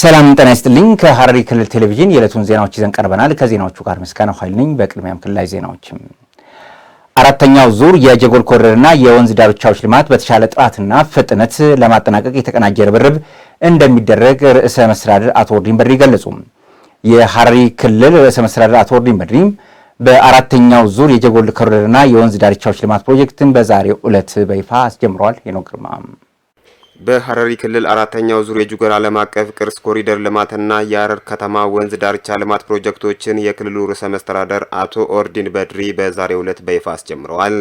ሰላም ጤና ይስጥልኝ። ከሐረሪ ክልል ቴሌቪዥን የዕለቱን ዜናዎች ይዘን ቀርበናል። ከዜናዎቹ ጋር ምስጋናው ኃይል ነኝ። በቅድሚያም ክልላዊ ዜናዎችም አራተኛው ዙር የጀጎል ኮሪደርና የወንዝ ዳርቻዎች ልማት በተሻለ ጥራትና ፍጥነት ለማጠናቀቅ የተቀናጀ ርብርብ እንደሚደረግ ርዕሰ መስተዳድር አቶ ወርዲን በድሪ ገለጹ። የሐረሪ ክልል ርዕሰ መስተዳድር አቶ ወርዲን በድሪ በአራተኛው ዙር የጀጎል ኮሪደርና የወንዝ ዳርቻዎች ልማት ፕሮጀክትን በዛሬው ዕለት በይፋ አስጀምረዋል። ሄኖክ በሐረሪ ክልል አራተኛው ዙር የጁገር ዓለም አቀፍ ቅርስ ኮሪደር ልማትና የሐረር ከተማ ወንዝ ዳርቻ ልማት ፕሮጀክቶችን የክልሉ ርዕሰ መስተዳደር አቶ ኦርዲን በድሪ በዛሬው ዕለት በይፋ አስጀምረዋል።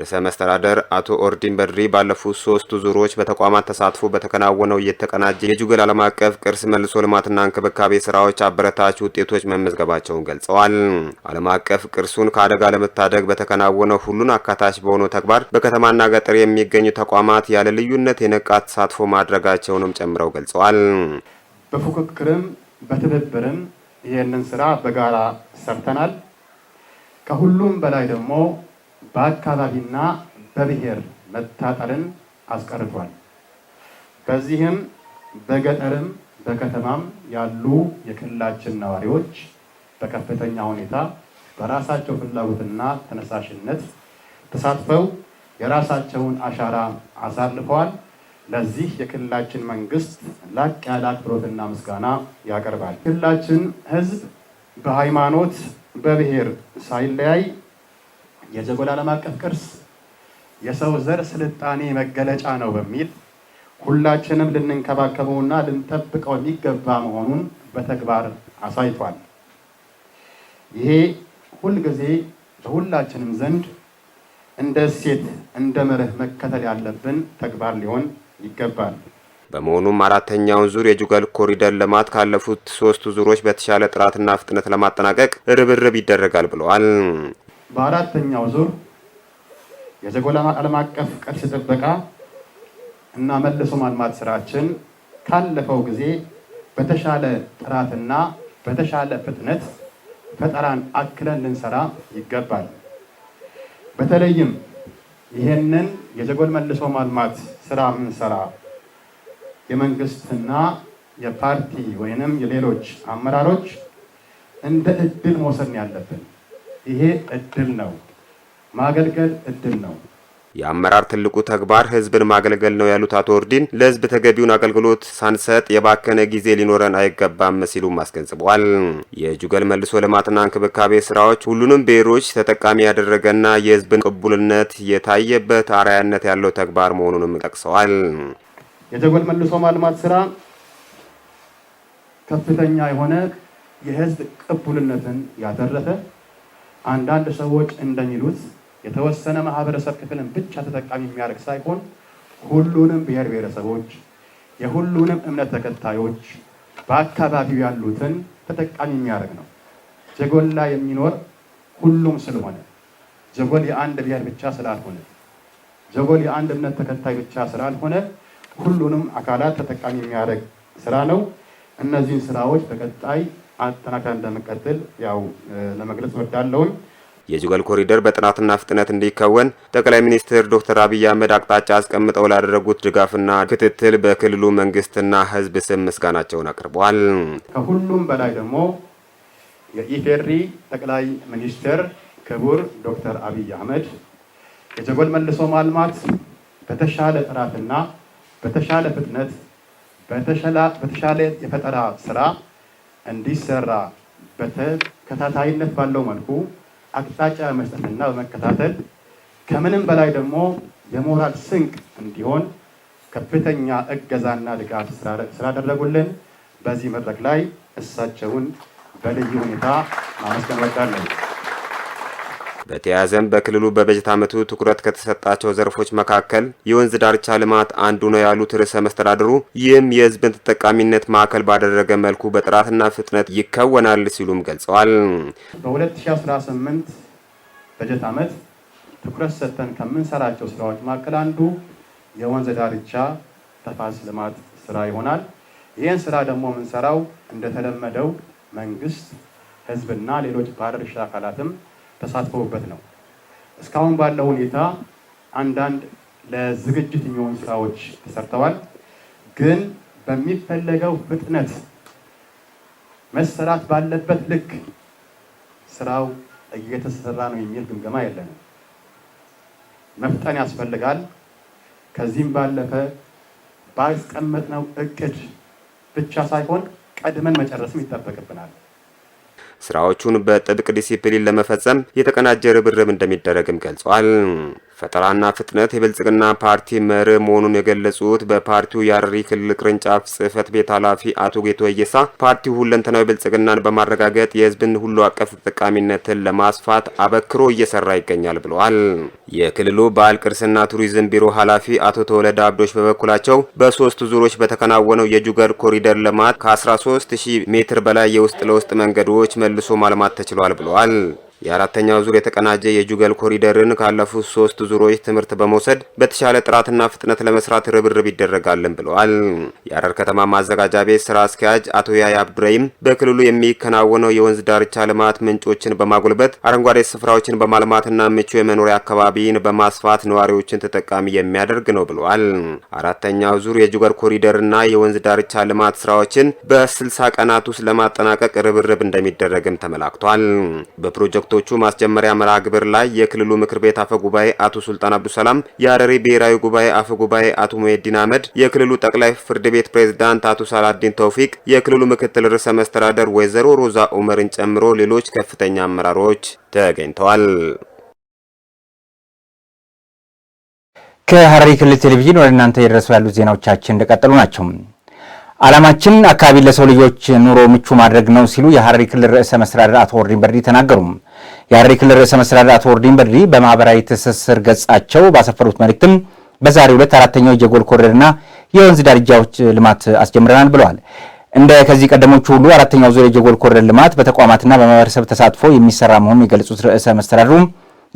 ርዕሰ መስተዳደር አቶ ኦርዲን በድሪ ባለፉት ሶስቱ ዙሮች በተቋማት ተሳትፎ በተከናወነው የተቀናጀ የጁገር ዓለም አቀፍ ቅርስ መልሶ ልማትና እንክብካቤ ስራዎች አበረታች ውጤቶች መመዝገባቸውን ገልጸዋል። ዓለም አቀፍ ቅርሱን ከአደጋ ለመታደግ በተከናወነው ሁሉን አካታች በሆነው ተግባር በከተማና ገጠር የሚገኙ ተቋማት ያለ ልዩነት የነቃት ተሳትፎ ማድረጋቸውንም ጨምረው ገልጸዋል። በፉክክርም በትብብርም ይህንን ስራ በጋራ ሰርተናል። ከሁሉም በላይ ደግሞ በአካባቢና በብሔር መታጠልን አስቀርቷል። በዚህም በገጠርም በከተማም ያሉ የክልላችን ነዋሪዎች በከፍተኛ ሁኔታ በራሳቸው ፍላጎትና ተነሳሽነት ተሳትፈው የራሳቸውን አሻራ አሳልፈዋል። ለዚህ የክልላችን መንግስት ላቅ ያለ አክብሮትና ምስጋና ያቀርባል። ክልላችን ህዝብ በሃይማኖት በብሔር ሳይለያይ የዘጎል ዓለም አቀፍ ቅርስ የሰው ዘር ስልጣኔ መገለጫ ነው በሚል ሁላችንም ልንንከባከበውና ልንጠብቀው የሚገባ መሆኑን በተግባር አሳይቷል። ይሄ ሁልጊዜ በሁላችንም ዘንድ እንደ እሴት እንደ መርህ መከተል ያለብን ተግባር ሊሆን ይገባል። በመሆኑም አራተኛውን ዙር የጁገል ኮሪደር ልማት ካለፉት ሶስቱ ዙሮች በተሻለ ጥራትና ፍጥነት ለማጠናቀቅ ርብርብ ይደረጋል ብለዋል። በአራተኛው ዙር የዘጎላ ዓለም አቀፍ ቅርስ ጥበቃ እና መልሶ ማልማት ስራችን ካለፈው ጊዜ በተሻለ ጥራትና በተሻለ ፍጥነት ፈጠራን አክለን ልንሰራ ይገባል። በተለይም ይህንን የጀጎል መልሶ ማልማት ስራ የምንሰራ የመንግስትና የፓርቲ ወይንም የሌሎች አመራሮች እንደ እድል መውሰድ ያለብን። ይሄ እድል ነው። ማገልገል እድል ነው። የአመራር ትልቁ ተግባር ህዝብን ማገልገል ነው ያሉት አቶ ወርዲን ለህዝብ ተገቢውን አገልግሎት ሳንሰጥ የባከነ ጊዜ ሊኖረን አይገባም ሲሉም አስገንዝበዋል። የጁገል መልሶ ልማትና እንክብካቤ ስራዎች ሁሉንም ብሔሮች ተጠቃሚ ያደረገና የህዝብን ቅቡልነት የታየበት አርአያነት ያለው ተግባር መሆኑንም ጠቅሰዋል። የጀጎል መልሶ ማልማት ስራ ከፍተኛ የሆነ የህዝብ ቅቡልነትን ያተረፈ አንዳንድ ሰዎች እንደሚሉት የተወሰነ ማህበረሰብ ክፍልን ብቻ ተጠቃሚ የሚያደርግ ሳይሆን ሁሉንም ብሔር ብሔረሰቦች፣ የሁሉንም እምነት ተከታዮች በአካባቢው ያሉትን ተጠቃሚ የሚያደርግ ነው። ጀጎል ላይ የሚኖር ሁሉም ስለሆነ ጀጎል የአንድ ብሔር ብቻ ስላልሆነ ጀጎል የአንድ እምነት ተከታይ ብቻ ስላልሆነ ሁሉንም አካላት ተጠቃሚ የሚያደርግ ስራ ነው። እነዚህን ስራዎች በቀጣይ አጠናክረን እንደምንቀጥል ያው ለመግለጽ ወዳለውን የጁገል ኮሪደር በጥናትና ፍጥነት እንዲከወን ጠቅላይ ሚኒስትር ዶክተር አብይ አህመድ አቅጣጫ አስቀምጠው ላደረጉት ድጋፍና ክትትል በክልሉ መንግስትና ህዝብ ስም ምስጋናቸውን አቅርበዋል። ከሁሉም በላይ ደግሞ የኢፌሪ ጠቅላይ ሚኒስትር ክቡር ዶክተር አብይ አህመድ የጀጎል መልሶ ማልማት በተሻለ ጥራትና በተሻለ ፍጥነት በተሻለ የፈጠራ ስራ እንዲሰራ በተከታታይነት ባለው መልኩ አቅጣጫ በመስጠትና በመከታተል ከምንም በላይ ደግሞ የሞራል ስንቅ እንዲሆን ከፍተኛ እገዛና ድጋፍ ስላደረጉልን በዚህ መድረክ ላይ እሳቸውን በልዩ ሁኔታ ማመስገን ወዳለን። በተያያዘም በክልሉ በበጀት ዓመቱ ትኩረት ከተሰጣቸው ዘርፎች መካከል የወንዝ ዳርቻ ልማት አንዱ ነው ያሉት ርዕሰ መስተዳድሩ ይህም የህዝብን ተጠቃሚነት ማዕከል ባደረገ መልኩ በጥራትና ፍጥነት ይከወናል ሲሉም ገልጸዋል። በ2018 በጀት ዓመት ትኩረት ሰጥተን ከምንሰራቸው ስራዎች መካከል አንዱ የወንዝ ዳርቻ ተፋስ ልማት ስራ ይሆናል። ይህን ስራ ደግሞ የምንሰራው እንደተለመደው መንግስት፣ ህዝብና ሌሎች ባለድርሻ አካላትም ተሳትፈውበት ነው። እስካሁን ባለው ሁኔታ አንዳንድ ለዝግጅት የሚሆኑ ስራዎች ተሰርተዋል። ግን በሚፈለገው ፍጥነት መሰራት ባለበት ልክ ስራው እየተሰራ ነው የሚል ግምገማ የለንም። መፍጠን ያስፈልጋል። ከዚህም ባለፈ ባስቀመጥነው እቅድ ብቻ ሳይሆን ቀድመን መጨረስም ይጠበቅብናል። ስራዎቹን በጥብቅ ዲሲፕሊን ለመፈጸም የተቀናጀ ርብርብ እንደሚደረግም ገልጿል። ፈጠራና ፍጥነት የብልጽግና ፓርቲ መርህ መሆኑን የገለጹት በፓርቲው የሐረሪ ክልል ቅርንጫፍ ጽህፈት ቤት ኃላፊ አቶ ጌቶ እየሳ ፓርቲው ሁለንተናዊ ብልጽግናን በማረጋገጥ የህዝብን ሁሉ አቀፍ ተጠቃሚነትን ለማስፋት አበክሮ እየሰራ ይገኛል ብለዋል። የክልሉ ባህል ቅርስና ቱሪዝም ቢሮ ኃላፊ አቶ ተወለደ አብዶች በበኩላቸው በሶስቱ ዙሮች በተከናወነው የጁገር ኮሪደር ልማት ከ 130 ሜትር በላይ የውስጥ ለውስጥ መንገዶች መልሶ ማልማት ተችሏል ብለዋል። የአራተኛው ዙር የተቀናጀ የጁገል ኮሪደርን ካለፉት ሶስት ዙሮች ትምህርት በመውሰድ በተሻለ ጥራትና ፍጥነት ለመስራት ርብርብ ይደረጋልን ብለዋል። የሐረር ከተማ ማዘጋጃ ቤት ስራ አስኪያጅ አቶ ያያ አብዱራሂም በክልሉ የሚከናወነው የወንዝ ዳርቻ ልማት ምንጮችን በማጉልበት አረንጓዴ ስፍራዎችን በማልማትና ምቹ የመኖሪያ አካባቢን በማስፋት ነዋሪዎችን ተጠቃሚ የሚያደርግ ነው ብለዋል። አራተኛው ዙር የጁገል ኮሪደርና የወንዝ ዳርቻ ልማት ስራዎችን በ60 ቀናት ውስጥ ለማጠናቀቅ ርብርብ እንደሚደረግም ተመላክቷል። በፕሮጀክቱ ወቅቶቹ ማስጀመሪያ መርሃ ግብር ላይ የክልሉ ምክር ቤት አፈ ጉባኤ አቶ ሱልጣን አብዱሰላም፣ የሀረሪ ብሔራዊ ጉባኤ አፈ ጉባኤ አቶ ሙሄዲን አህመድ፣ የክልሉ ጠቅላይ ፍርድ ቤት ፕሬዝዳንት አቶ ሳላዲን ተውፊቅ፣ የክልሉ ምክትል ርዕሰ መስተዳደር ወይዘሮ ሮዛ ኡመርን ጨምሮ ሌሎች ከፍተኛ አመራሮች ተገኝተዋል። ከሀረሪ ክልል ቴሌቪዥን ወደ እናንተ የደረሱ ያሉት ዜናዎቻችን እንደቀጠሉ ናቸው። ዓላማችን አካባቢ ለሰው ልጆች ኑሮ ምቹ ማድረግ ነው ሲሉ የሐረሪ ክልል ርዕሰ መስተዳድር አቶ ወርዲን በድሪ ተናገሩ። የሐረሪ ክልል ርዕሰ መስተዳድር አቶ ወርዲን በድሪ በማህበራዊ ትስስር ገጻቸው ባሰፈሩት መልእክትም በዛሬው ዕለት አራተኛው የጀጎል ኮሪደርና የወንዝ ዳርቻዎች ልማት አስጀምረናል ብለዋል። እንደ ከዚህ ቀደሞቹ ሁሉ አራተኛው ዙር የጀጎል ኮሪደር ልማት በተቋማትና በማህበረሰብ ተሳትፎ የሚሰራ መሆኑን የገለጹት ርዕሰ መስተዳድሩ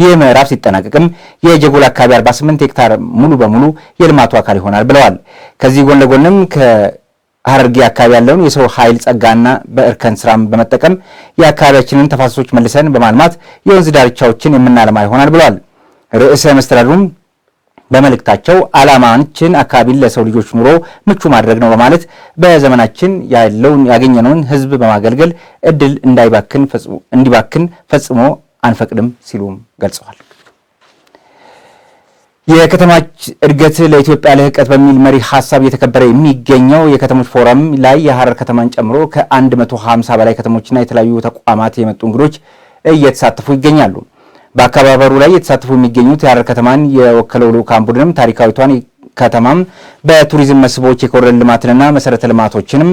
ይህ ምዕራፍ ሲጠናቀቅም የጀጎል አካባቢ 48 ሄክታር ሙሉ በሙሉ የልማቱ አካል ይሆናል ብለዋል። ከዚህ ጎን ለጎንም ሐረርጌ አካባቢ ያለውን የሰው ኃይል ጸጋና በእርከን ስራም በመጠቀም የአካባቢያችንን ተፋሰሶች መልሰን በማልማት የወንዝ ዳርቻዎችን የምናለማ ይሆናል ብለዋል። ርዕሰ መስተዳድሩም በመልእክታቸው ዓላማችን አካባቢን ለሰው ልጆች ኑሮ ምቹ ማድረግ ነው በማለት በዘመናችን ያለውን ያገኘነውን ህዝብ በማገልገል እድል እንዳይባክን እንዲባክን ፈጽሞ አንፈቅድም ሲሉም ገልጸዋል። የከተማች እድገት ለኢትዮጵያ ልህቀት በሚል መሪ ሀሳብ እየተከበረ የሚገኘው የከተሞች ፎረም ላይ የሀረር ከተማን ጨምሮ ከ150 በላይ ከተሞችና የተለያዩ ተቋማት የመጡ እንግዶች እየተሳተፉ ይገኛሉ። በአከባበሩ ላይ እየተሳተፉ የሚገኙት የሀረር ከተማን የወከለው ልዑካን ቡድንም ታሪካዊቷን ከተማም በቱሪዝም መስህቦች የኮሪደር ልማትንና መሰረተ ልማቶችንም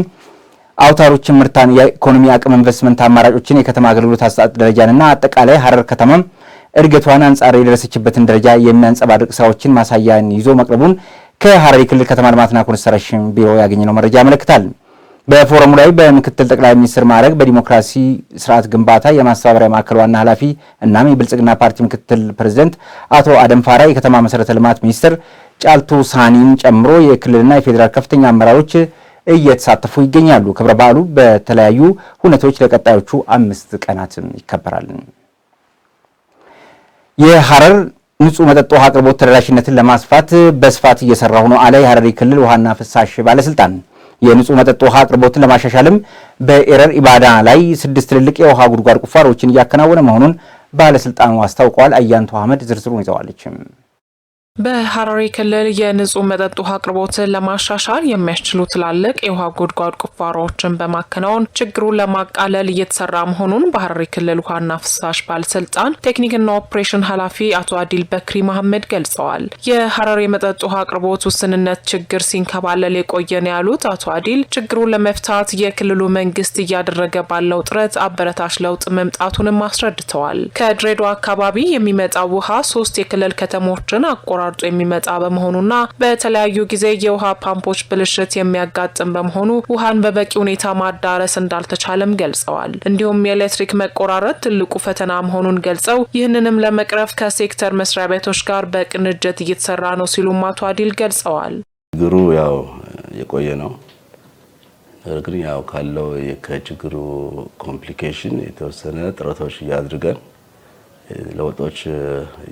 አውታሮችን፣ ምርታን፣ የኢኮኖሚ አቅም፣ ኢንቨስትመንት አማራጮችን፣ የከተማ አገልግሎት አሰጣጥ ደረጃንና አጠቃላይ ሀረር ከተማም እድገቷን አንጻር የደረሰችበትን ደረጃ የሚያንጸባርቅ ስራዎችን ማሳያን ይዞ መቅረቡን ከሐረሪ ክልል ከተማ ልማትና ኮንስትራክሽን ቢሮ ያገኘነው መረጃ ያመለክታል። በፎረሙ ላይ በምክትል ጠቅላይ ሚኒስትር ማዕረግ በዲሞክራሲ ስርዓት ግንባታ የማስተባበሪያ ማዕከል ዋና ኃላፊ እናም የብልጽግና ፓርቲ ምክትል ፕሬዚደንት አቶ አደም ፋራ፣ የከተማ መሰረተ ልማት ሚኒስትር ጫልቱ ሳኒን ጨምሮ የክልልና የፌዴራል ከፍተኛ አመራሮች እየተሳተፉ ይገኛሉ። ክብረ በዓሉ በተለያዩ ሁነቶች ለቀጣዮቹ አምስት ቀናት ይከበራል። የሐረር ንጹህ መጠጥ ውሃ አቅርቦት ተደራሽነትን ለማስፋት በስፋት እየሰራሁ ነው አለ የሐረሪ ክልል ውሃና ፍሳሽ ባለስልጣን። የንጹህ መጠጥ ውሃ አቅርቦትን ለማሻሻልም በኤረር ኢባዳ ላይ ስድስት ትልልቅ የውሃ ጉድጓድ ቁፋሮችን እያከናወነ መሆኑን ባለስልጣኑ አስታውቀዋል። አያንቱ አህመድ ዝርዝሩን ይዘዋለችም። በሐረሪ ክልል የንጹህ መጠጥ ውሃ አቅርቦትን ለማሻሻል የሚያስችሉ ትላልቅ የውሃ ጉድጓድ ቁፋሮዎችን በማከናወን ችግሩን ለማቃለል እየተሰራ መሆኑን በሐረሪ ክልል ውሃና ፍሳሽ ባለስልጣን ቴክኒክና ኦፕሬሽን ኃላፊ አቶ አዲል በክሪ መሐመድ ገልጸዋል። የሐረሪ መጠጥ ውሃ አቅርቦት ውስንነት ችግር ሲንከባለል የቆየ ነው ያሉት አቶ አዲል ችግሩን ለመፍታት የክልሉ መንግስት እያደረገ ባለው ጥረት አበረታች ለውጥ መምጣቱንም አስረድተዋል። ከድሬዳዋ አካባቢ የሚመጣው ውሃ ሶስት የክልል ከተሞችን አቆራ ተቆራርጦ የሚመጣ በመሆኑና በተለያዩ ጊዜ የውሃ ፓምፖች ብልሽት የሚያጋጥም በመሆኑ ውሃን በበቂ ሁኔታ ማዳረስ እንዳልተቻለም ገልጸዋል። እንዲሁም የኤሌክትሪክ መቆራረጥ ትልቁ ፈተና መሆኑን ገልጸው ይህንንም ለመቅረፍ ከሴክተር መስሪያ ቤቶች ጋር በቅንጅት እየተሰራ ነው ሲሉም አቶ አዲል ገልጸዋል። ችግሩ ያው የቆየ ነው። ነገር ግን ያው ካለው ከችግሩ ኮምፕሊኬሽን የተወሰነ ጥረቶች እያድርገን ለውጦች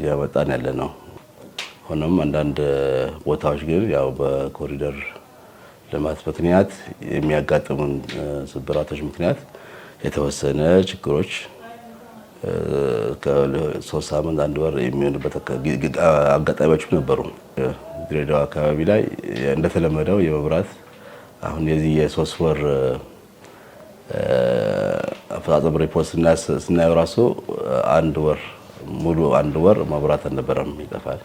እያመጣን ያለ ነው። ሆኖም አንዳንድ ቦታዎች ግን ያው በኮሪደር ልማት ምክንያት የሚያጋጥሙን ስብራቶች ምክንያት የተወሰነ ችግሮች ከሶስት ሳምንት አንድ ወር የሚሆንበት አጋጣሚዎችም ነበሩ። ድሬዳዋ አካባቢ ላይ እንደተለመደው የመብራት አሁን የዚህ የሶስት ወር አፈጻጸም ሪፖርት ስናየው ራሱ አንድ ወር ሙሉ አንድ ወር መብራት አልነበረም፣ ይጠፋል።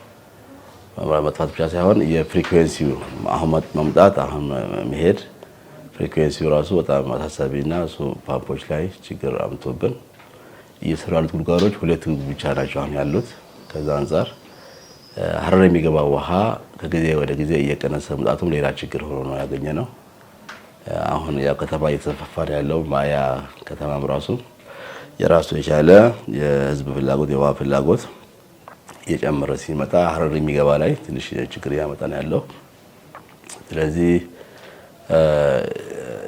መብራት መጥፋት ብቻ ሳይሆን የፍሪኩዌንሲው አሁን መምጣት አሁን መሄድ ፍሪኩዌንሲው ራሱ በጣም አሳሳቢና እሱ ፓምፖች ላይ ችግር አምቶብን እየሰሩ ያሉት ጉድጓዶች ሁለቱ ብቻ ናቸው አሁን ያሉት። ከዛ አንጻር ሀረር የሚገባ ውሃ ከጊዜ ወደ ጊዜ እየቀነሰ መምጣቱም ሌላ ችግር ሆኖ ነው ያገኘ ነው። አሁን ያው ከተማ እየተስፋፋ ነው ያለው። ማያ ከተማም ራሱ የራሱ የቻለ የህዝብ ፍላጎት የውሃ ፍላጎት እየጨመረ ሲመጣ ሀረር የሚገባ ላይ ትንሽ ችግር እያመጣ ነው ያለው። ስለዚህ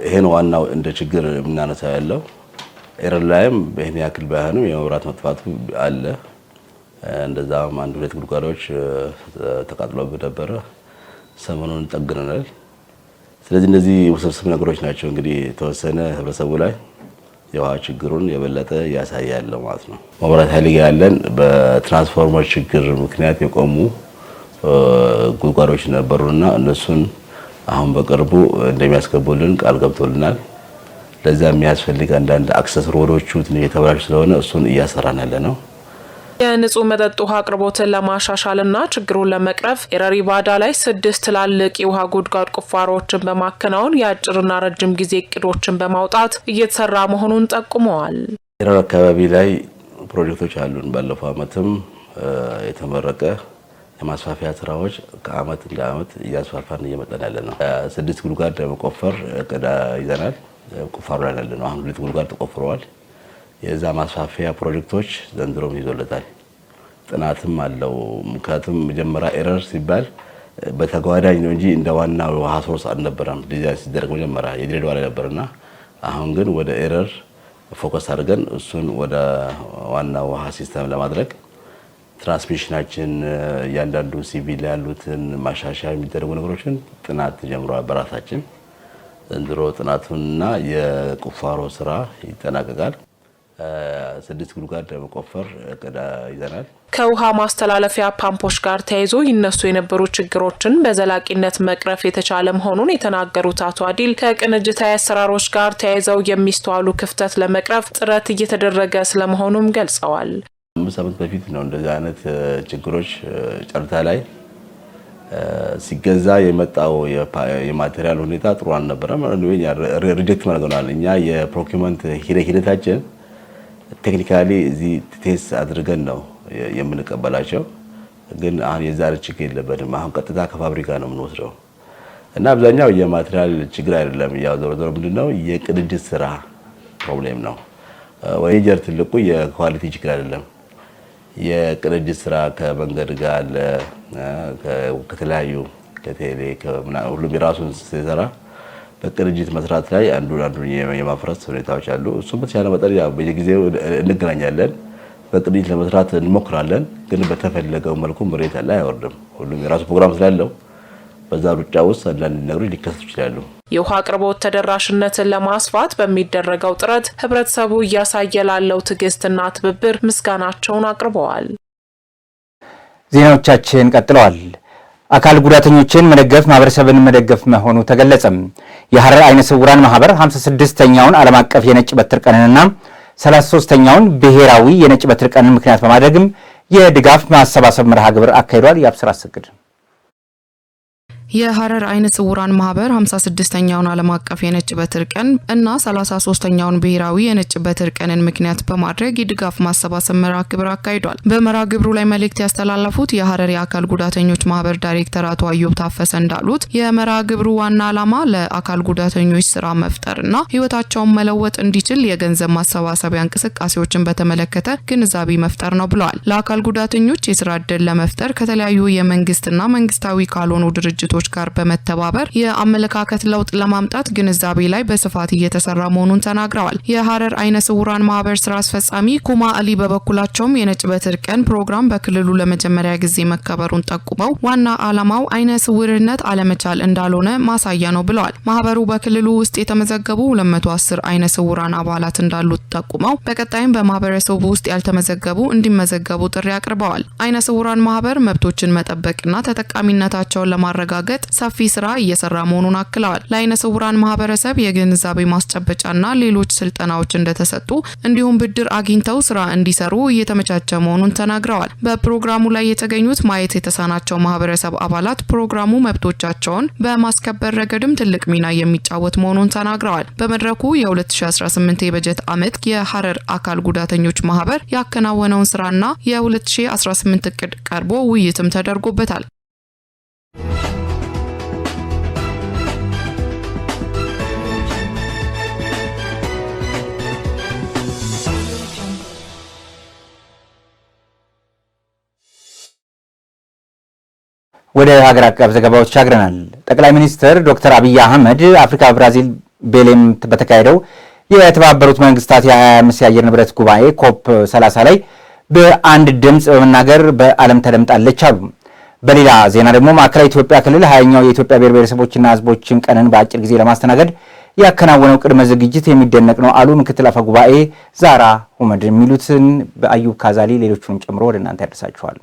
ይሄን ዋናው እንደ ችግር የምናነሳው ያለው ኤረር ላይም ይህን ያክል ባይሆንም የመብራት መጥፋቱ አለ። እንደዛም አንድ ሁለት ጉድጓዶች ተቃጥሎ ነበረ፣ ሰሞኑን ጠግነናል። ስለዚህ እነዚህ ውስብስብ ነገሮች ናቸው እንግዲህ የተወሰነ ህብረተሰቡ ላይ የውሃ ችግሩን የበለጠ ያሳያል ማለት ነው። መብራት ኃይል ያለን በትራንስፎርመር ችግር ምክንያት የቆሙ ጉድጓዶች ነበሩና እነሱን አሁን በቅርቡ እንደሚያስገቡልን ቃል ገብቶልናል። ለዚያ የሚያስፈልግ አንዳንድ አክሰስ ሮዶቹ ትንሽ የተበላሹ ስለሆነ እሱን እያሰራን ያለ ነው። የንጹህ መጠጥ ውሃ አቅርቦትን ለማሻሻልና ችግሩን ለመቅረፍ ኤረሪ ባዳ ላይ ስድስት ትላልቅ የውሃ ጉድጓድ ቁፋሮዎችን በማከናወን የአጭርና ረጅም ጊዜ እቅዶችን በማውጣት እየተሰራ መሆኑን ጠቁመዋል። ኤረር አካባቢ ላይ ፕሮጀክቶች አሉን። ባለፈው አመትም የተመረቀ የማስፋፊያ ስራዎች ከአመት እንደ አመት እያስፋፋን እየመጠን ያለ ነው። ስድስት ጉድጓድ ለመቆፈር እቅድ ይዘናል። ቁፋሮ ላይ ያለ ነው። አሁን ሁለት ጉድጓድ ተቆፍረዋል። የዛ ማስፋፊያ ፕሮጀክቶች ዘንድሮም ይዞለታል። ጥናትም አለው። ምክንያቱም መጀመሪያ ኤረር ሲባል በተጓዳኝ ነው እንጂ እንደ ዋና ውሃ ሶርስ አልነበረም ዲዛይን ሲደረግ መጀመሪያ የድሬዳዋ ላይ ነበርና አሁን ግን ወደ ኤረር ፎከስ አድርገን እሱን ወደ ዋና ውሃ ሲስተም ለማድረግ ትራንስሚሽናችን እያንዳንዱ ሲቪል ያሉትን ማሻሻያ የሚደረጉ ነገሮችን ጥናት ጀምሯል። በራሳችን ዘንድሮ ጥናቱንና የቁፋሮ ስራ ይጠናቀቃል። ስድስት ጉድጓድ ለመቆፈር እቅድ ይዘናል። ከውሃ ማስተላለፊያ ፓምፖች ጋር ተያይዞ ይነሱ የነበሩ ችግሮችን በዘላቂነት መቅረፍ የተቻለ መሆኑን የተናገሩት አቶ አዲል ከቅንጅታዊ አሰራሮች ጋር ተያይዘው የሚስተዋሉ ክፍተት ለመቅረፍ ጥረት እየተደረገ ስለመሆኑም ገልጸዋል። አምስት ዓመት በፊት ነው እንደዚህ አይነት ችግሮች ጨርታ ላይ ሲገዛ የመጣው የማቴሪያል ሁኔታ ጥሩ አልነበረም። ሪጀክት ሆናል። እኛ የፕሮኪመንት ሂደታችን ቴክኒካሊ እዚህ ቴስት አድርገን ነው የምንቀበላቸው። ግን አሁን የዛሬ ችግር የለበትም። አሁን ቀጥታ ከፋብሪካ ነው የምንወስደው እና አብዛኛው የማቴሪያል ችግር አይደለም። ያው ዞሮ ዞሮ ምንድነው የቅንጅት ስራ ፕሮብሌም ነው። ወይጀር ትልቁ የኳሊቲ ችግር አይደለም። የቅንጅት ስራ ከመንገድ ጋር አለ ከተለያዩ ከቴሌ ሁሉም የራሱን ሲሰራ በቅንጅት መስራት ላይ አንዱን አንዱን የማፍረስ ሁኔታዎች አሉ። እሱም በተቻለ መጠን በየጊዜው እንገናኛለን፣ በቅንጅት ለመስራት እንሞክራለን። ግን በተፈለገው መልኩ መሬት ላይ አይወርድም። ሁሉም የራሱ ፕሮግራም ስላለው በዛ ሩጫ ውስጥ አንዳንድ ነገሮች ሊከሰቱ ይችላሉ። የውሃ አቅርቦት ተደራሽነትን ለማስፋት በሚደረገው ጥረት ህብረተሰቡ እያሳየ ላለው ትዕግስትና ትብብር ምስጋናቸውን አቅርበዋል። ዜናዎቻችን ቀጥለዋል። አካል ጉዳተኞችን መደገፍ ማህበረሰብን መደገፍ መሆኑ ተገለጸም። የሐረር አይነ ስውራን ማህበር 56ኛውን ዓለም አቀፍ የነጭ በትር ቀንንና 33ኛውን ብሔራዊ የነጭ በትር ቀንን ምክንያት በማድረግም የድጋፍ ማሰባሰብ መርሃ ግብር አካሂዷል። የአብስራ አሰግድ የሀረር አይነ ስውራን ማህበር 56ኛውን ዓለም አቀፍ የነጭ በትር ቀን እና 33ኛውን ብሔራዊ የነጭ በትር ቀንን ምክንያት በማድረግ የድጋፍ ማሰባሰብ መርሃ ግብር አካሂዷል። በመርሃ ግብሩ ላይ መልእክት ያስተላለፉት የሀረር የአካል ጉዳተኞች ማህበር ዳይሬክተር አቶ አዮብ ታፈሰ እንዳሉት የመርሃ ግብሩ ዋና ዓላማ ለአካል ጉዳተኞች ስራ መፍጠር እና ህይወታቸውን መለወጥ እንዲችል የገንዘብ ማሰባሰቢያ እንቅስቃሴዎችን በተመለከተ ግንዛቤ መፍጠር ነው ብለዋል። ለአካል ጉዳተኞች የስራ እድል ለመፍጠር ከተለያዩ የመንግስትና መንግስታዊ ካልሆኑ ድርጅቶች ድርጅቶች ጋር በመተባበር የአመለካከት ለውጥ ለማምጣት ግንዛቤ ላይ በስፋት እየተሰራ መሆኑን ተናግረዋል። የሀረር አይነ ስውራን ማህበር ስራ አስፈጻሚ ኩማ አሊ በበኩላቸውም የነጭ በትር ቀን ፕሮግራም በክልሉ ለመጀመሪያ ጊዜ መከበሩን ጠቁመው ዋና ዓላማው አይነ ስውርነት አለመቻል እንዳልሆነ ማሳያ ነው ብለዋል። ማህበሩ በክልሉ ውስጥ የተመዘገቡ 210 አይነ ስውራን አባላት እንዳሉት ጠቁመው በቀጣይም በማህበረሰቡ ውስጥ ያልተመዘገቡ እንዲመዘገቡ ጥሪ አቅርበዋል። አይነ ስውራን ማህበር መብቶችን መጠበቅና ተጠቃሚነታቸውን ለማረጋገጥ ለማረጋገጥ ሰፊ ስራ እየሰራ መሆኑን አክለዋል። ለአይነ ስውራን ማህበረሰብ የግንዛቤ ማስጨበጫና ሌሎች ስልጠናዎች እንደተሰጡ እንዲሁም ብድር አግኝተው ስራ እንዲሰሩ እየተመቻቸ መሆኑን ተናግረዋል። በፕሮግራሙ ላይ የተገኙት ማየት የተሳናቸው ማህበረሰብ አባላት ፕሮግራሙ መብቶቻቸውን በማስከበር ረገድም ትልቅ ሚና የሚጫወት መሆኑን ተናግረዋል። በመድረኩ የ2018 የበጀት ዓመት የሀረር አካል ጉዳተኞች ማህበር ያከናወነውን ስራና የ2018 እቅድ ቀርቦ ውይይትም ተደርጎበታል። ወደ ሀገር አቀፍ ዘገባዎች ተሻግረናል። ጠቅላይ ሚኒስትር ዶክተር አብይ አህመድ አፍሪካ ብራዚል ቤሌም በተካሄደው የተባበሩት መንግስታት የ25 የአየር ንብረት ጉባኤ ኮፕ 30 ላይ በአንድ ድምፅ በመናገር በዓለም ተደምጣለች አሉ። በሌላ ዜና ደግሞ ማዕከላዊ ኢትዮጵያ ክልል ሀያኛው የኢትዮጵያ ብሔር ብሔረሰቦችና ህዝቦችን ቀንን በአጭር ጊዜ ለማስተናገድ ያከናወነው ቅድመ ዝግጅት የሚደነቅ ነው አሉ ምክትል አፈ ጉባኤ ዛራ ሁመድ። የሚሉትን በአዩብ ካዛሊ ሌሎቹንም ጨምሮ ወደ እናንተ ያደርሳችኋል።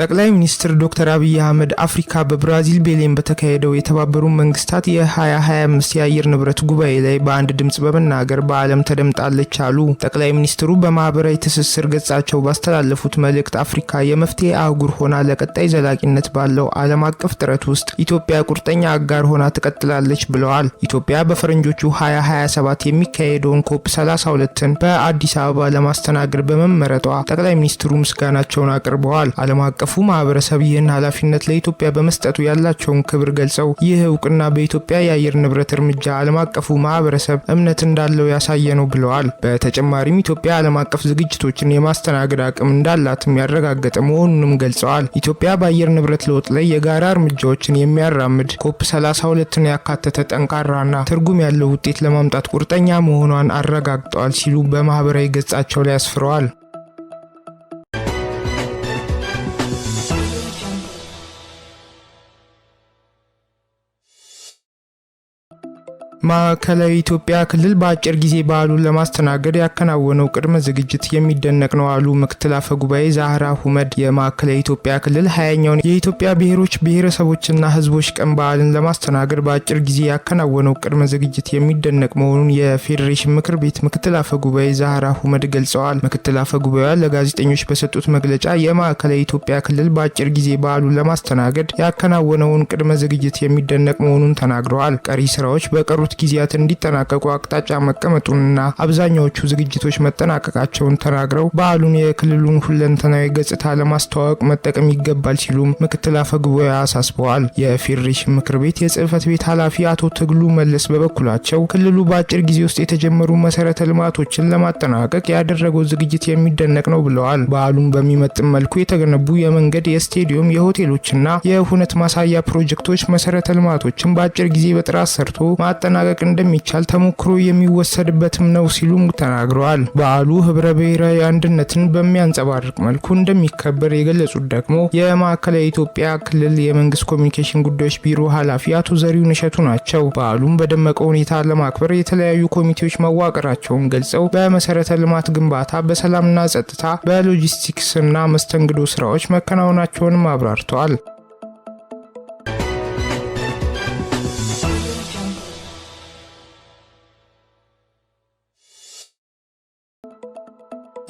ጠቅላይ ሚኒስትር ዶክተር አብይ አህመድ አፍሪካ በብራዚል ቤሌን በተካሄደው የተባበሩት መንግስታት የ2025 የአየር ንብረት ጉባኤ ላይ በአንድ ድምፅ በመናገር በዓለም ተደምጣለች አሉ። ጠቅላይ ሚኒስትሩ በማህበራዊ ትስስር ገጻቸው ባስተላለፉት መልእክት አፍሪካ የመፍትሄ አህጉር ሆና ለቀጣይ ዘላቂነት ባለው ዓለም አቀፍ ጥረት ውስጥ ኢትዮጵያ ቁርጠኛ አጋር ሆና ትቀጥላለች ብለዋል። ኢትዮጵያ በፈረንጆቹ 2027 የሚካሄደውን ኮፕ 32ን በአዲስ አበባ ለማስተናገድ በመመረጧ ጠቅላይ ሚኒስትሩ ምስጋናቸውን አቅርበዋል። ዓለም አቀፍ አቀፉ ማህበረሰብ ይህን ኃላፊነት ለኢትዮጵያ በመስጠቱ ያላቸውን ክብር ገልጸው ይህ እውቅና በኢትዮጵያ የአየር ንብረት እርምጃ ዓለም አቀፉ ማህበረሰብ እምነት እንዳለው ያሳየ ነው ብለዋል። በተጨማሪም ኢትዮጵያ ዓለም አቀፍ ዝግጅቶችን የማስተናገድ አቅም እንዳላትም ያረጋገጠ መሆኑንም ገልጸዋል። ኢትዮጵያ በአየር ንብረት ለውጥ ላይ የጋራ እርምጃዎችን የሚያራምድ ኮፕ 32ን ያካተተ ጠንካራና ትርጉም ያለው ውጤት ለማምጣት ቁርጠኛ መሆኗን አረጋግጠዋል ሲሉ በማህበራዊ ገጻቸው ላይ አስፍረዋል። ማዕከላዊ ኢትዮጵያ ክልል በአጭር ጊዜ በዓሉን ለማስተናገድ ያከናወነው ቅድመ ዝግጅት የሚደነቅ ነው አሉ ምክትል አፈ ጉባኤ ዛህራ ሁመድ። የማዕከላዊ ኢትዮጵያ ክልል ሀያኛውን የኢትዮጵያ ብሔሮች ብሔረሰቦችና ህዝቦች ቀን በዓልን ለማስተናገድ በአጭር ጊዜ ያከናወነው ቅድመ ዝግጅት የሚደነቅ መሆኑን የፌዴሬሽን ምክር ቤት ምክትል አፈ ጉባኤ ዛህራ ሁመድ ገልጸዋል። ምክትል አፈ ጉባኤዋ ለጋዜጠኞች በሰጡት መግለጫ የማዕከላዊ ኢትዮጵያ ክልል በአጭር ጊዜ በዓሉን ለማስተናገድ ያከናወነውን ቅድመ ዝግጅት የሚደነቅ መሆኑን ተናግረዋል። ቀሪ ስራዎች በቀሩት ጊዜያት እንዲጠናቀቁ አቅጣጫ መቀመጡንና አብዛኛዎቹ ዝግጅቶች መጠናቀቃቸውን ተናግረው በዓሉን የክልሉን ሁለንተናዊ ገጽታ ለማስተዋወቅ መጠቀም ይገባል ሲሉም ምክትል አፈ ጉባኤ አሳስበዋል። የፌዴሬሽን ምክር ቤት የጽህፈት ቤት ኃላፊ አቶ ትግሉ መለስ በበኩላቸው ክልሉ በአጭር ጊዜ ውስጥ የተጀመሩ መሰረተ ልማቶችን ለማጠናቀቅ ያደረገው ዝግጅት የሚደነቅ ነው ብለዋል። በዓሉን በሚመጥን መልኩ የተገነቡ የመንገድ፣ የስቴዲየም፣ የሆቴሎችና የሁነት ማሳያ ፕሮጀክቶች መሰረተ ልማቶችን በአጭር ጊዜ በጥራት ሰርቶ ማጠናቀቅ ማጠናቀቅ እንደሚቻል ተሞክሮ የሚወሰድበትም ነው ሲሉም ተናግረዋል። በዓሉ ህብረ ብሔራዊ አንድነትን በሚያንጸባርቅ መልኩ እንደሚከበር የገለጹት ደግሞ የማዕከላዊ ኢትዮጵያ ክልል የመንግስት ኮሚኒኬሽን ጉዳዮች ቢሮ ኃላፊ አቶ ዘሪሁን እሸቱ ናቸው። በዓሉም በደመቀ ሁኔታ ለማክበር የተለያዩ ኮሚቴዎች መዋቅራቸውን ገልጸው በመሰረተ ልማት ግንባታ፣ በሰላምና ጸጥታ፣ በሎጂስቲክስና መስተንግዶ ስራዎች መከናወናቸውንም አብራርተዋል።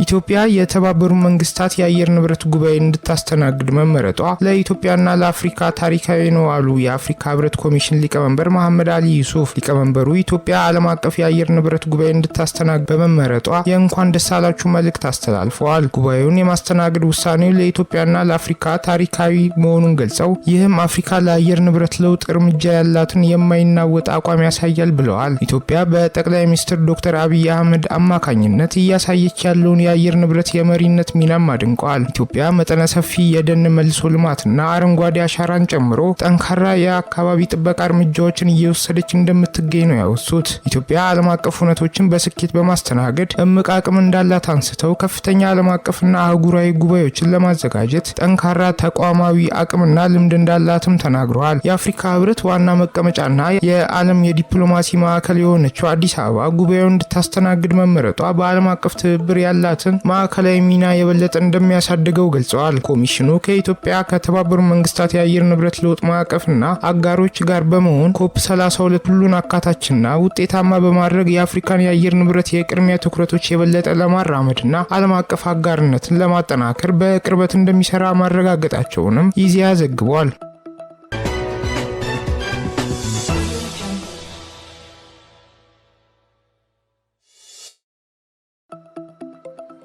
ኢትዮጵያ የተባበሩ መንግስታት የአየር ንብረት ጉባኤ እንድታስተናግድ መመረጧ ለኢትዮጵያና ለአፍሪካ ታሪካዊ ነው አሉ የአፍሪካ ህብረት ኮሚሽን ሊቀመንበር መሐመድ አሊ ዩሱፍ። ሊቀመንበሩ ኢትዮጵያ ዓለም አቀፍ የአየር ንብረት ጉባኤ እንድታስተናግድ በመመረጧ የእንኳን ደስ አላችሁ መልእክት አስተላልፈዋል። ጉባኤውን የማስተናገድ ውሳኔው ለኢትዮጵያና ለአፍሪካ ታሪካዊ መሆኑን ገልጸው ይህም አፍሪካ ለአየር ንብረት ለውጥ እርምጃ ያላትን የማይናወጥ አቋም ያሳያል ብለዋል። ኢትዮጵያ በጠቅላይ ሚኒስትር ዶክተር አብይ አህመድ አማካኝነት እያሳየች ያለውን የአየር ንብረት የመሪነት ሚናም አድንቀዋል። ኢትዮጵያ መጠነ ሰፊ የደን መልሶ ልማትና አረንጓዴ አሻራን ጨምሮ ጠንካራ የአካባቢ ጥበቃ እርምጃዎችን እየወሰደች እንደምትገኝ ነው ያወሱት። ኢትዮጵያ ዓለም አቀፍ እውነቶችን በስኬት በማስተናገድ እምቅ አቅም እንዳላት አንስተው ከፍተኛ ዓለም አቀፍና አህጉራዊ ጉባኤዎችን ለማዘጋጀት ጠንካራ ተቋማዊ አቅምና ልምድ እንዳላትም ተናግረዋል። የአፍሪካ ህብረት ዋና መቀመጫና የዓለም የዲፕሎማሲ ማዕከል የሆነችው አዲስ አበባ ጉባኤውን እንድታስተናግድ መመረጧ በዓለም አቀፍ ትብብር ያላት ያላትን ማዕከላዊ ሚና የበለጠ እንደሚያሳድገው ገልጸዋል። ኮሚሽኑ ከኢትዮጵያ ከተባበሩት መንግስታት የአየር ንብረት ለውጥ ማዕቀፍና አጋሮች ጋር በመሆን ኮፕ 32 ሁሉን አካታችና ውጤታማ በማድረግ የአፍሪካን የአየር ንብረት የቅድሚያ ትኩረቶች የበለጠ ለማራመድና ዓለም አቀፍ አጋርነትን ለማጠናከር በቅርበት እንደሚሰራ ማረጋገጣቸውንም ይዚያ ዘግቧል።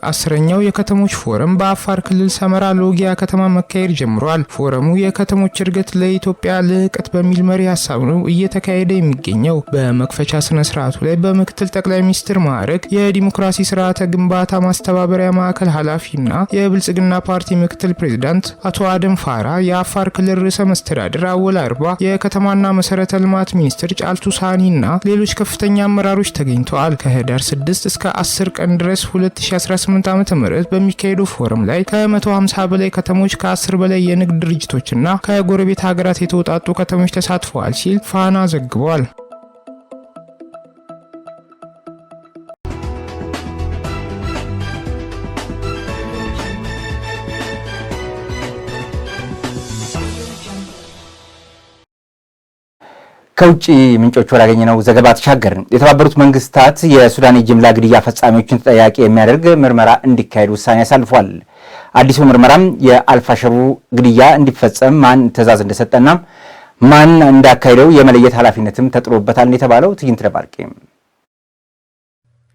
አስረኛው የከተሞች ፎረም በአፋር ክልል ሰመራ ሎጊያ ከተማ መካሄድ ጀምሯል። ፎረሙ የከተሞች እድገት ለኢትዮጵያ ልዕቀት በሚል መሪ ሀሳብ ነው እየተካሄደ የሚገኘው። በመክፈቻ ስነ ስርዓቱ ላይ በምክትል ጠቅላይ ሚኒስትር ማዕረግ የዲሞክራሲ ስርዓተ ግንባታ ማስተባበሪያ ማዕከል ኃላፊና የብልጽግና ፓርቲ ምክትል ፕሬዚዳንት አቶ አደም ፋራ፣ የአፋር ክልል ርዕሰ መስተዳድር አወል አርባ፣ የከተማና መሰረተ ልማት ሚኒስትር ጫልቱ እና ሌሎች ከፍተኛ አመራሮች ተገኝተዋል። ከህዳር 6 እስከ 10 ቀን ድረስ 2018 2018 ዓመተ ምህረት በሚካሄደው ፎረም ላይ ከ150 በላይ ከተሞች ከ10 በላይ የንግድ ድርጅቶችና ከጎረቤት ሀገራት የተውጣጡ ከተሞች ተሳትፈዋል ሲል ፋና ዘግቧል። ከውጭ ምንጮች ወዳገኘነው ዘገባ ተሻገርን። የተባበሩት መንግስታት የሱዳን የጅምላ ግድያ ፈጻሚዎችን ተጠያቂ የሚያደርግ ምርመራ እንዲካሄድ ውሳኔ አሳልፏል። አዲሱ ምርመራም የአልፋሸሩ ግድያ እንዲፈጸም ማን ትእዛዝ እንደሰጠና ማን እንዳካሄደው የመለየት ኃላፊነትም ተጥሎበታል የተባለው ትዕይንት ደባርቄ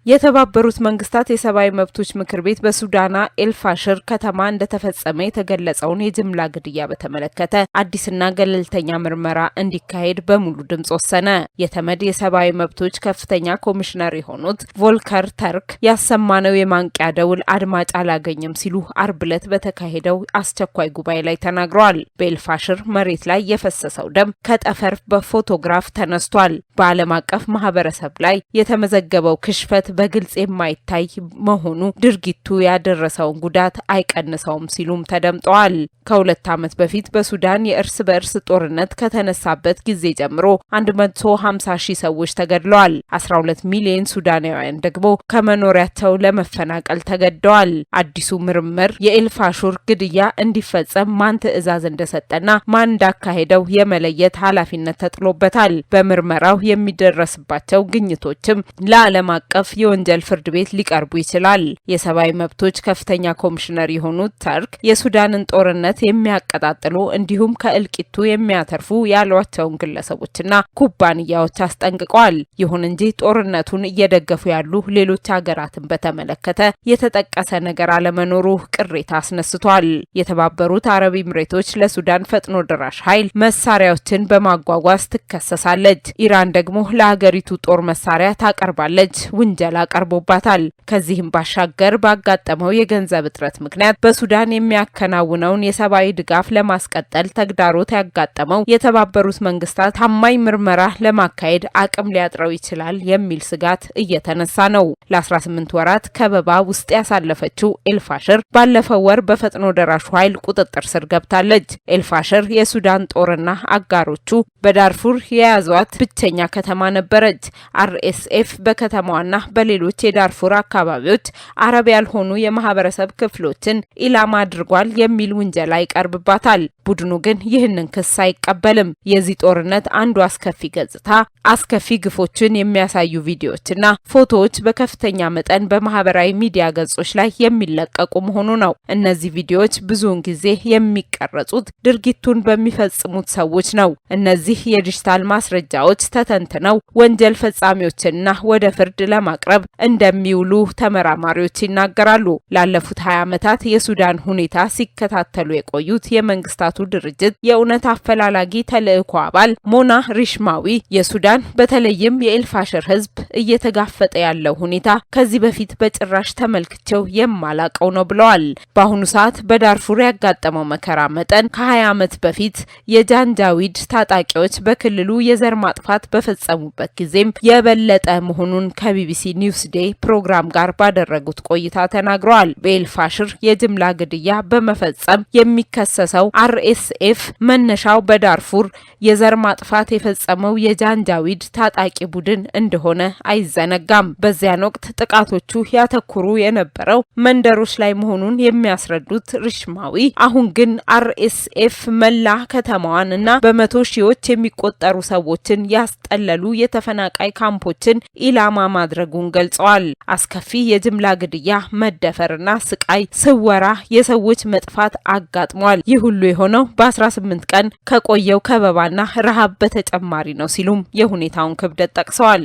የተባበሩት መንግስታት የሰብአዊ መብቶች ምክር ቤት በሱዳና ኤልፋሽር ከተማ እንደተፈጸመ የተገለጸውን የጅምላ ግድያ በተመለከተ አዲስና ገለልተኛ ምርመራ እንዲካሄድ በሙሉ ድምፅ ወሰነ። የተመድ የሰብአዊ መብቶች ከፍተኛ ኮሚሽነር የሆኑት ቮልከር ተርክ ያሰማነው የማንቂያ ደውል አድማጭ አላገኘም ሲሉ አርብ ዕለት በተካሄደው አስቸኳይ ጉባኤ ላይ ተናግረዋል። በኤልፋሽር መሬት ላይ የፈሰሰው ደም ከጠፈር በፎቶግራፍ ተነስቷል። በዓለም አቀፍ ማህበረሰብ ላይ የተመዘገበው ክሽፈት በግልጽ የማይታይ መሆኑ ድርጊቱ ያደረሰውን ጉዳት አይቀንሰውም ሲሉም ተደምጠዋል። ከሁለት ዓመት በፊት በሱዳን የእርስ በእርስ ጦርነት ከተነሳበት ጊዜ ጀምሮ 150 ሺህ ሰዎች ተገድለዋል። 12 ሚሊዮን ሱዳናውያን ደግሞ ከመኖሪያቸው ለመፈናቀል ተገደዋል። አዲሱ ምርምር የኤልፋሹር ግድያ እንዲፈጸም ማን ትዕዛዝ እንደሰጠና ማን እንዳካሄደው የመለየት ኃላፊነት ተጥሎበታል። በምርመራው የሚደረስባቸው ግኝቶችም ለዓለም አቀፍ የወንጀል ፍርድ ቤት ሊቀርቡ ይችላል። የሰብአዊ መብቶች ከፍተኛ ኮሚሽነር የሆኑት ተርክ የሱዳንን ጦርነት የሚያቀጣጥሉ እንዲሁም ከእልቂቱ የሚያተርፉ ያሏቸውን ግለሰቦችና ኩባንያዎች አስጠንቅቀዋል። ይሁን እንጂ ጦርነቱን እየደገፉ ያሉ ሌሎች ሀገራትን በተመለከተ የተጠቀሰ ነገር አለመኖሩ ቅሬታ አስነስቷል። የተባበሩት አረብ ኤምሬቶች ለሱዳን ፈጥኖ ደራሽ ኃይል መሳሪያዎችን በማጓጓዝ ትከሰሳለች። ኢራን ደግሞ ለሀገሪቱ ጦር መሳሪያ ታቀርባለች ውንጀላ ቀርቦባታል። ከዚህም ባሻገር ባጋጠመው የገንዘብ እጥረት ምክንያት በሱዳን የሚያከናውነውን የሰብአዊ ድጋፍ ለማስቀጠል ተግዳሮት ያጋጠመው የተባበሩት መንግስታት ታማኝ ምርመራ ለማካሄድ አቅም ሊያጥረው ይችላል የሚል ስጋት እየተነሳ ነው። ለ18 ወራት ከበባ ውስጥ ያሳለፈችው ኤልፋሽር ባለፈው ወር በፈጥኖ ደራሹ ኃይል ቁጥጥር ስር ገብታለች። ኤልፋሽር የሱዳን ጦርና አጋሮቹ በዳርፉር የያዟት ብቸኛ ከተማ ነበረች። አርኤስኤፍ በከተማዋና በሌሎች የዳርፉር አካባቢዎች አረብ ያልሆኑ የማህበረሰብ ክፍሎችን ኢላማ አድርጓል የሚል ውንጀላ ይቀርብባታል። ቡድኑ ግን ይህንን ክስ አይቀበልም። የዚህ ጦርነት አንዱ አስከፊ ገጽታ አስከፊ ግፎችን የሚያሳዩ ቪዲዮዎችና ፎቶዎች በከፍተኛ መጠን በማህበራዊ ሚዲያ ገጾች ላይ የሚለቀቁ መሆኑ ነው። እነዚህ ቪዲዮዎች ብዙውን ጊዜ የሚቀረጹት ድርጊቱን በሚፈጽሙት ሰዎች ነው። እነዚህ የዲጂታል ማስረጃዎች ተተንትነው ወንጀል ፈጻሚዎችንና ወደ ፍርድ ለማቅረብ እንደሚውሉ ተመራማሪዎች ይናገራሉ። ላለፉት 20 ዓመታት የሱዳን ሁኔታ ሲከታተሉ የቆዩት የመንግስታቱ መንግስታቱ ድርጅት የእውነት አፈላላጊ ተልእኮ አባል ሞና ሪሽማዊ የሱዳን በተለይም የኤልፋሸር ህዝብ እየተጋፈጠ ያለው ሁኔታ ከዚህ በፊት በጭራሽ ተመልክቸው የማላቀው ነው ብለዋል። በአሁኑ ሰዓት በዳርፉር ያጋጠመው መከራ መጠን ከ20 ዓመት በፊት የጃንጃዊድ ታጣቂዎች በክልሉ የዘር ማጥፋት በፈጸሙበት ጊዜም የበለጠ መሆኑን ከቢቢሲ ኒውስ ዴይ ፕሮግራም ጋር ባደረጉት ቆይታ ተናግረዋል። በኤልፋሽር የጅምላ ግድያ በመፈጸም የሚከሰሰው አርኤ ኤስኤፍ መነሻው በዳርፉር የዘር ማጥፋት የፈጸመው የጃንጃዊድ ታጣቂ ቡድን እንደሆነ አይዘነጋም። በዚያን ወቅት ጥቃቶቹ ያተኩሩ የነበረው መንደሮች ላይ መሆኑን የሚያስረዱት ሪሽማዊ አሁን ግን አርኤስኤፍ መላ ከተማዋን እና በመቶ ሺዎች የሚቆጠሩ ሰዎችን ያስጠለሉ የተፈናቃይ ካምፖችን ኢላማ ማድረጉን ገልጸዋል። አስከፊ የጅምላ ግድያ፣ መደፈርና ስቃይ፣ ስወራ፣ የሰዎች መጥፋት አጋጥሟል። ይህ ሁሉ የሆነው ነው በ18 ቀን ከቆየው ከበባና ረሃብ በተጨማሪ ነው ሲሉም የሁኔታውን ክብደት ጠቅሰዋል።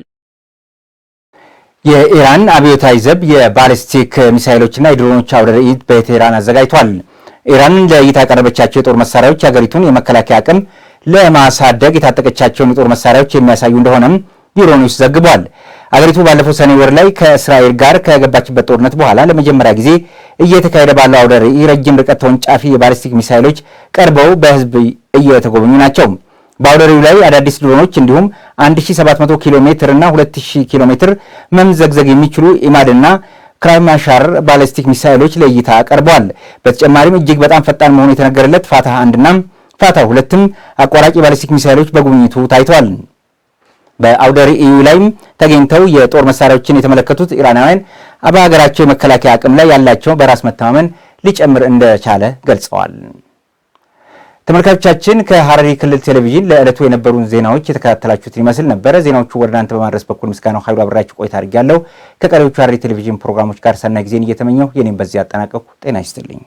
የኢራን አብዮታዊ ዘብ የባሊስቲክ ሚሳይሎችና የድሮኖች አውደ ርዕይ በቴህራን አዘጋጅቷል። ኢራን ለእይታ ያቀረበቻቸው የጦር መሳሪያዎች የሀገሪቱን የመከላከያ አቅም ለማሳደግ የታጠቀቻቸውን የጦር መሳሪያዎች የሚያሳዩ እንደሆነም ቢሮኒውስ ዘግቧል። አገሪቱ ባለፈው ሰኔ ወር ላይ ከእስራኤል ጋር ከገባችበት ጦርነት በኋላ ለመጀመሪያ ጊዜ እየተካሄደ ባለው አውደ ርዕይ ረጅም ርቀት ተወንጫፊ የባሊስቲክ ሚሳይሎች ቀርበው በህዝብ እየተጎበኙ ናቸው። በአውደ ርዕዩ ላይ አዳዲስ ድሮኖች እንዲሁም 1700 ኪሎ ሜትር እና 2000 ኪሎ ሜትር መምዘግዘግ የሚችሉ ኢማድና ክራይማሻር ባሊስቲክ ሚሳይሎች ለእይታ ቀርበዋል። በተጨማሪም እጅግ በጣም ፈጣን መሆኑ የተነገረለት ፋታ አንድና ፋታ ሁለትም አቋራጭ የባሊስቲክ ሚሳይሎች በጉብኝቱ ታይተዋል። በአውደ ርዕዩ ላይም ተገኝተው የጦር መሳሪያዎችን የተመለከቱት ኢራናውያን በሀገራቸው የመከላከያ አቅም ላይ ያላቸው በራስ መተማመን ሊጨምር እንደቻለ ገልጸዋል። ተመልካቾቻችን ከሐረሪ ክልል ቴሌቪዥን ለዕለቱ የነበሩን ዜናዎች የተከታተላችሁትን ይመስል ነበረ። ዜናዎቹ ወደ እናንተ በማድረስ በኩል ምስጋናው ኃይሉ አብራችሁ ቆይታ አድርጌያለሁ። ከቀሪዎቹ ሐረሪ ቴሌቪዥን ፕሮግራሞች ጋር ሰናይ ጊዜን እየተመኘሁ የኔም በዚህ አጠናቀቅኩ። ጤና ይስጥልኝ።